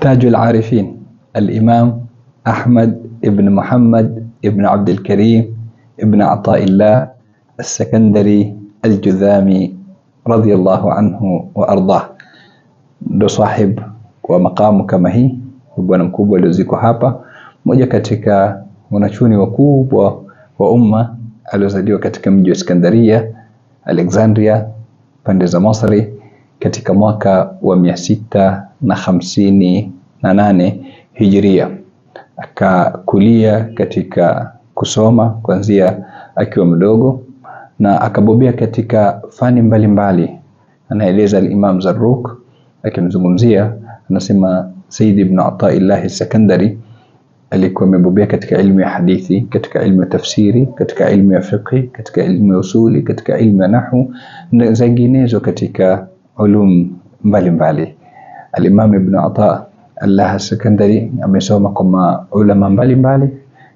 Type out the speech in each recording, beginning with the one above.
تاج العارفين الإمام أحمد بن محمد بن عبد الكريم بن عطاء الله السكندري الجذامي رضي الله عنه وأرضاه ndo sahib wa makamu kama hii bwana mkubwa aliozikwa hapa, mmoja katika wanachuni wakubwa wa umma aliozaliwa katika mji wa Iskandaria, Alexandria, pande za Misri katika mwaka wa mia sita na hamsini na nane hijiria. Akakulia katika kusoma kuanzia akiwa mdogo na akabobea katika fani mbalimbali. Anaeleza al-Imam akimzungumzia, anasema said ibn Ata'illah al-Sakandari alikuwa amebobea katika ilmu ya hadithi, katika ilmu ya tafsiri, katika ilmu ya fiqh, katika ilmu ya usuli, katika ilmu ya nahwu na zinginezo katika علوم مالين بالي الإمام ابن عطاء الله السكندري أمي سومكم علماء مالين بالي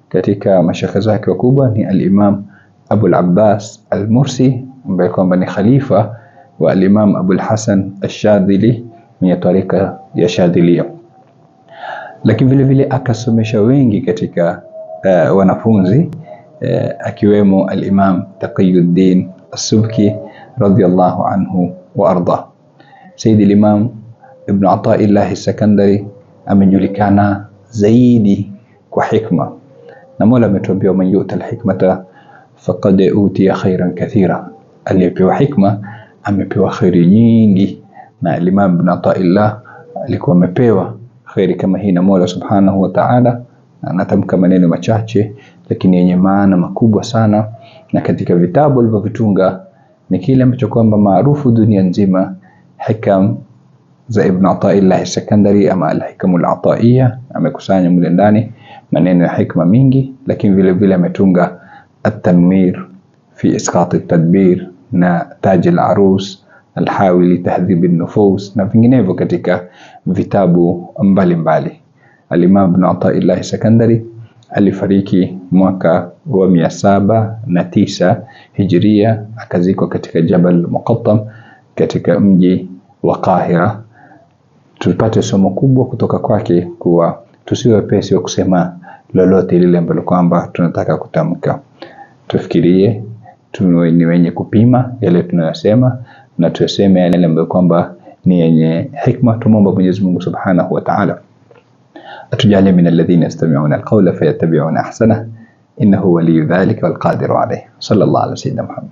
كتك مشيخ زاكي وكوبا ني الإمام أبو العباس المرسي بيكون بني خليفة والإمام أبو الحسن الشاذلي من طريقة يشاذلية لكن في الفيلي أكسومي شوينجي كتك آه، ونفونزي آه، أكيويمو الإمام تقي الدين السبكي رضي الله عنه وأرضاه Sayyidi Imam Ibn Ataillahi Sakandari amejulikana zaidi kwa hikma, na Mola ametuambia man yuta alhikmata faqad utiya khairan kathira, aliyepewa hikma amepewa khairi nyingi. Na Imam Ibn Ataillah alikuwa amepewa khairi kama hii na Mola Subhanahu wa Ta'ala. Anatamka maneno machache lakini yenye maana makubwa sana, na katika vitabu alivyovitunga ni kile ambacho kwamba maarufu dunia nzima حكم زي ابن عطاء الله السكندري أما الحكم العطائية أما كسان مدنداني منين الحكمة مينجي لكن في الفيلا متونجا التنمير في إسقاط التدبير نا تاج العروس الحاوي لتهذيب النفوس نا في جنيفو كتيكا فيتابو مبالي مبالي الإمام ابن عطاء الله السكندري alifariki mwaka wa mia saba na tisa hijiria akazikwa katika jabal katika mji wa Kahira, tupate somo kubwa kutoka kwake kuwa tusiwe pesi wa kusema lolote lile ambalo kwamba tunataka kutamka. Tufikirie, tuwe ni wenye kupima yale tunayosema na tuseme yale ambayo kwamba ni yenye hikma. Tumomba Mwenyezi Mungu Subhanahu wa Ta'ala atujalie min alladhina yastami'una alqawla fayattabi'una ahsana innahu waliyyu dhalika walqadiru alayh sallallahu alayhi wa sallam.